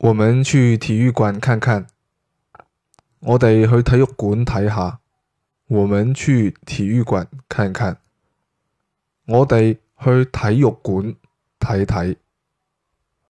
我們去體育館看看，我哋去體育館睇下。我們去體育館看看，我哋去體育館睇睇。